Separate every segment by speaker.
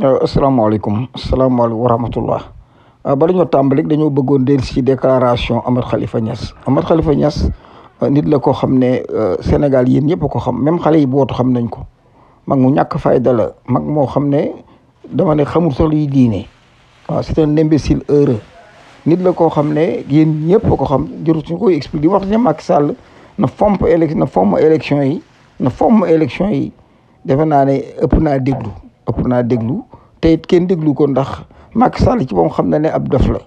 Speaker 1: asalaamaaleykum asalaamaaleykum wa rahmatullah ah, bala ñoo tàmbali dañoo bëggoon del ci déclaration Ahmed xalifa Niass Ahmed xalifa ñas ah, nit la koo xam ne ah, Sénégal yéen ñëpp ko xam même xale yi bootu xam nañ ko mag mu ñàkk fayda mag moo xam ne dama ne xamul sax yi diine waaw c'est un imbécile heureux nit la koo xam ne yéen ñëpp ko xam jërut suñu koy expliqué di wax ne Macky Sall na fomp élec na fomm élection yi na fomm élection yi defe naa ne ëpp naa déglu ëpp naa déglu te it kenn déglu ko ndax Macky Sall ci boom xam na ne ab dof la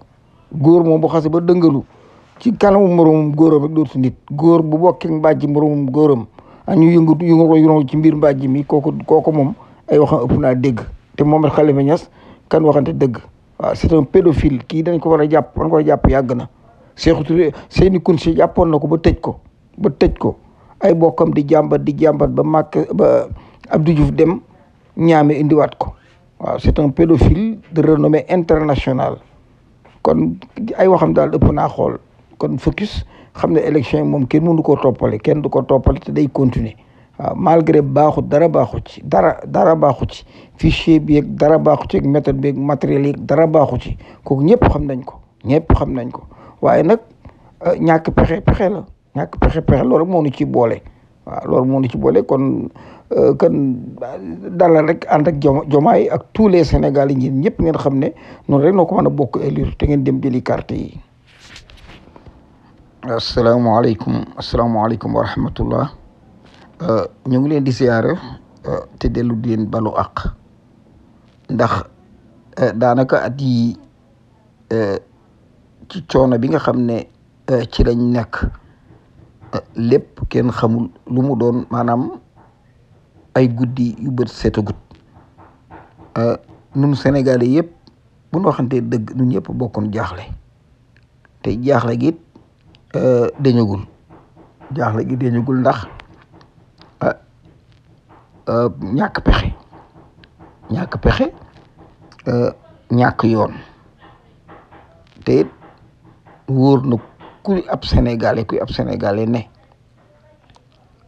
Speaker 1: góor moom bu xasee ba dëngalu ci kanamu moromum góoram rek dootu nit góor bu bokkee mbàjj moromum góoram añu yëngatu yëngatu yëngatu ci mbir mbàjj mi kooku kooku moom ay waxam ëpp naa dégg te moom Khalifa Niass kan waxante dëgg waaw c'est un pédophile kii dañ ko war a jàpp dañ ko jàpp yàgg na Cheikh seeni kun jàppoon na ko ba tëj ko ba tëj ko ay bokkam di jàmbat di jàmbat ba màkk ba Abdou Diouf dem ñaame indiwaat ko waaw c'est un pédophile de renommée internationale kon ay waxam daal ëpp naa xool kon focus xam ne élection yi moom kenn mënu ko toppale kenn du ko toppale te day continuer waaw malgré baaxut dara baaxu ci dara dara baaxu ci fichier bi yeeg dara baaxu ci ak méthode bi yeeg matériel yeeg dara baaxu ci kooku ñëpp xam nañ ko ñëpp xam nañ ko waaye nag euh, ñàkk pexe pexe la ñàkk pexe pexe loolu moo nu ci boole. waaw loolu moo ñu ci boole kon euh, kon dalal rek ànd ak yi ak tous les Sénégalais yi ñun ñëpp ngeen xam ne noonu rek noo ko mën a bokk élire te ngeen dem jëli karté yi. asalaamaaleykum asalaamaaleykum wa rahmatullah euh, ñu ngi leen di siyaare euh, te dellu di leen balu àq ndax daanaka at yi ci coono bi nga xam ne ci lañ nekk. lépp kenn xamul lu mu doon maanaam ay guddi yu bët seetagut euh, nun Sénégalais yëpp bu ñu waxantee dëgg nun ñëpp bokkoon jaaxle te jaaxle gi it euh, dañagul gi dañagul ndax euh, ñàkk pexe ñàkk pexe ñàkk yoon te it wóor na kuy ab sénégalais kuy ab sénégalais ne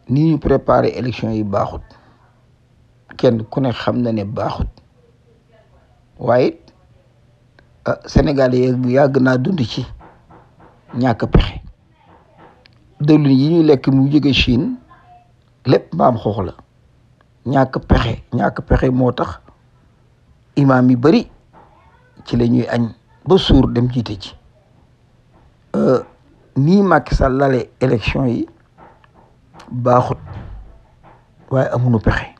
Speaker 1: ni préparer préparé élection yi baaxut kenn ku ne xam na ne baaxut waaye ah, Sénégal yàgg naa dund ci ñàkk pexe dëwlin yi ñu lekk mu jóge Chine lépp maam xoox la ñàkk pexe ñàkk pexe moo tax imaam yi bari ci la ñuy añ ba suur dem jiite ci euh, nii Macky Sall lale élection yi baaxut waaye amuñu pexe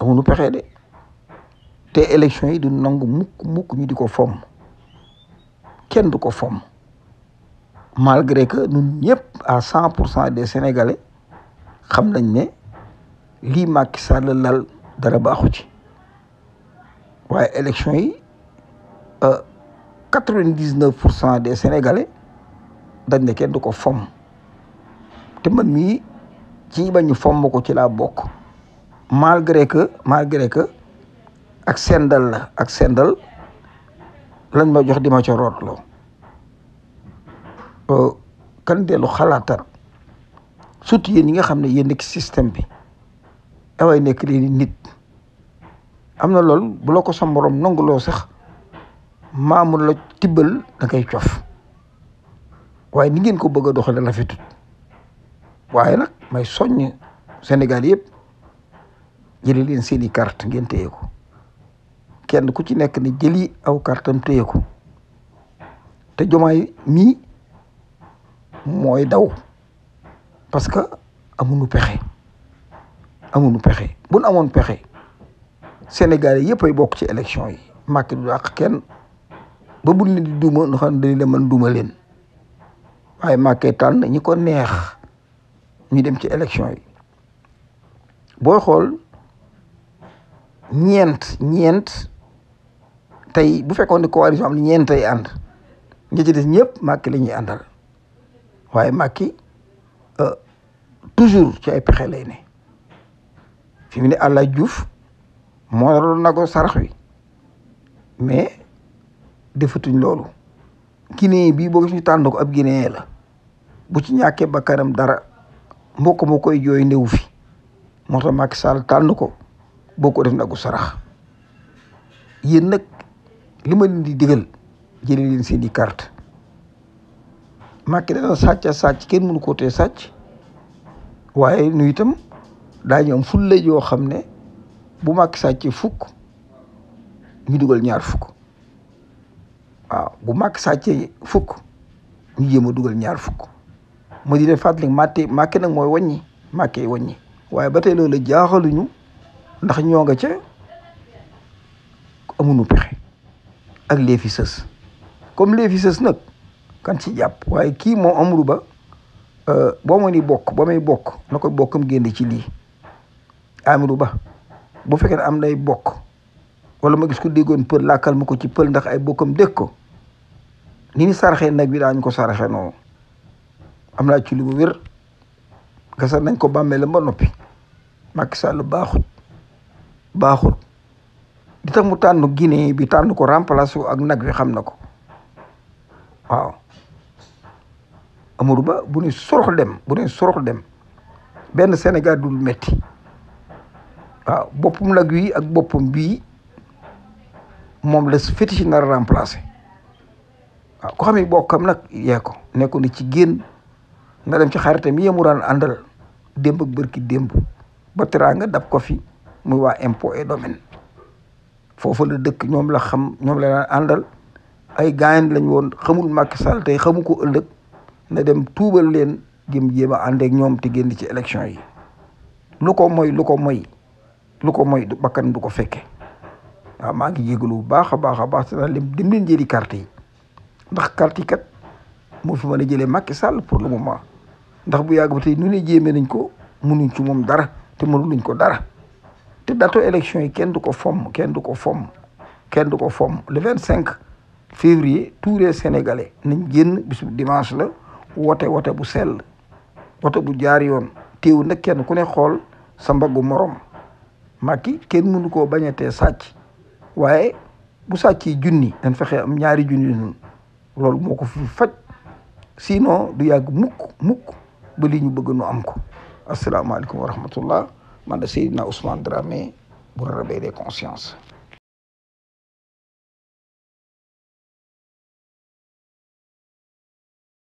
Speaker 1: amuñu pexe de te élection yi du nangu mukk mukk ñu di ko fomm kenn du ko fomm malgré que nu ñëpp à cent pour cent des sénégalais xam nañ ne lii Macky Sall lal dara baaxu ci waaye élection yi euh, quatre vingt dix neuf pour cent des sénégalais dañ ne kenn du ko fomm te man mii ci ba ñu fomm ko ci laa bokk malgré que malgré que ak sendal la ak sendal lañ ma jox di ma ca rootloo euh, kan dellu xalaatal surtout yéen ñi nga xam ne yéen nekk système bi away nekk nit am na lool bu la ko sa morom nanguloo sax maamul la tibbal da ngay cof waaye ni ngeen ko bëgg a doxale rafetut waaye nag may soññ Sénégal yëpp jëli leen seen i carte ngeen téye kenn ku ci nekk ni jëli aw kartam téye ko te jomaay mii mooy daw parce que amuñu pexe amuñu pexe bun amoon pexe Sénégal yëpp ay bokk ci élection yi Macky du dàq kenn ba buñ leen di duuma nga xam ne dañu leen mën duuma leen waaye Macky tànn ñi ko neex ñu dem ci élection yi booy xool ñeent ñeent tey bu fekkoon ne coalition am na ñeent tey ànd ñi ci des ñëpp Macky la ñuy àndal waaye Macky euh, toujours ci ay pexe lay ne fi mu ne Alla Diouf moo waroon na ko sarax wi mais defatuñ loolu Guinée bii boo gis ñu tànn ko ab Guinée la bu ci ñàkkee bakkanam dara mbokk mu koy jooy néew fi moo tax Macky Sall tànn ko boo ko def nagu sarax yéen nag li ma leen di digal jële leen seen i carte Macky kenn mënu koo tee sàcc waaye nu itam daañu am fulla yoo xam ne bu Macky sàcc fukk ñu dugal ñaar fukk bu Macky sàcc fukk ñu jéem a dugal ñaar fukk mu di leen fàttali màtte màkke nag mooy wàññi màkke wàññi waaye ba tey loolu jaaxaluñu ndax ñoo nga ca amuñu pexe ak léefi sës comme léefi nag kan ci jàpp waaye kii moom amul ba euh, boo ma ni bokk ba may bokk na ko bokkam génn ci lii amiru ba bu fekkee ne am nay bokk wala ma gis ku déggoon pël làkkal ma ko ci pël ndax ay bokkam dégg ko ni ni saraxee nag bi daañ ko saraxe noonu am na ci lu bu wér gasal nañ ko bàmmeelam ba noppi Macky Sall baaxut baaxut di tax mu tànn Guinée bi tànn ko remplacé ak nag wi xam na ko waaw Amadou Ba bu ne sorox dem bu ne sorox dem benn Sénégal dul metti waaw boppum nag wi ak boppum bii moom la fétiche nar a remplacé waaw ko xam ne bokkam nag yee ko nekkoon ci génn nga dem ci xarita mi yemu daan àndal démb ak bërki démb ba teraanga dab ko fi muy waa impôt et domaine foofu la dëkk ñoom la xam ñoom la daan àndal ay gaayen lañ woon xamul Macky Sall tey xamu ko ëllëg na dem tuubal leen jëm jéem a àndeek ñoom te génn ci élection yi lu ko moy lu ko moy lu ko moy bakkan du ko fekke waaw maa ngi jégalu bu baax a baax a baax dana lim dim leen jëli carte yi ndax carte kat moo fi mën a jëlee makk Sall pour le moment ndax bu yàgg ba tey nu ne jéemee nañ ko munuñ ci moom dara te mënuluñ ko dara te dato élection yi kenn du ko fomm kenn du ko fomm kenn du ko fomm le cinq février tous les sénégalais nañ génn bisu dimanche la wote wote bu sell wote bu jaar yoon teewu na kenn ku ne xool sa mbaggu morom Macky kenn mënu koo bañatee sàcc waaye bu sàccee junni dañ fexe am ñaari junni nun loolu moo ko fi faj sinon du yàgg mukk mukk ba li ñu bëgg nu am ko asalaamaaleykum wa rahmatullah man da Seydina Ousmane Dramé bu réveiller des consciences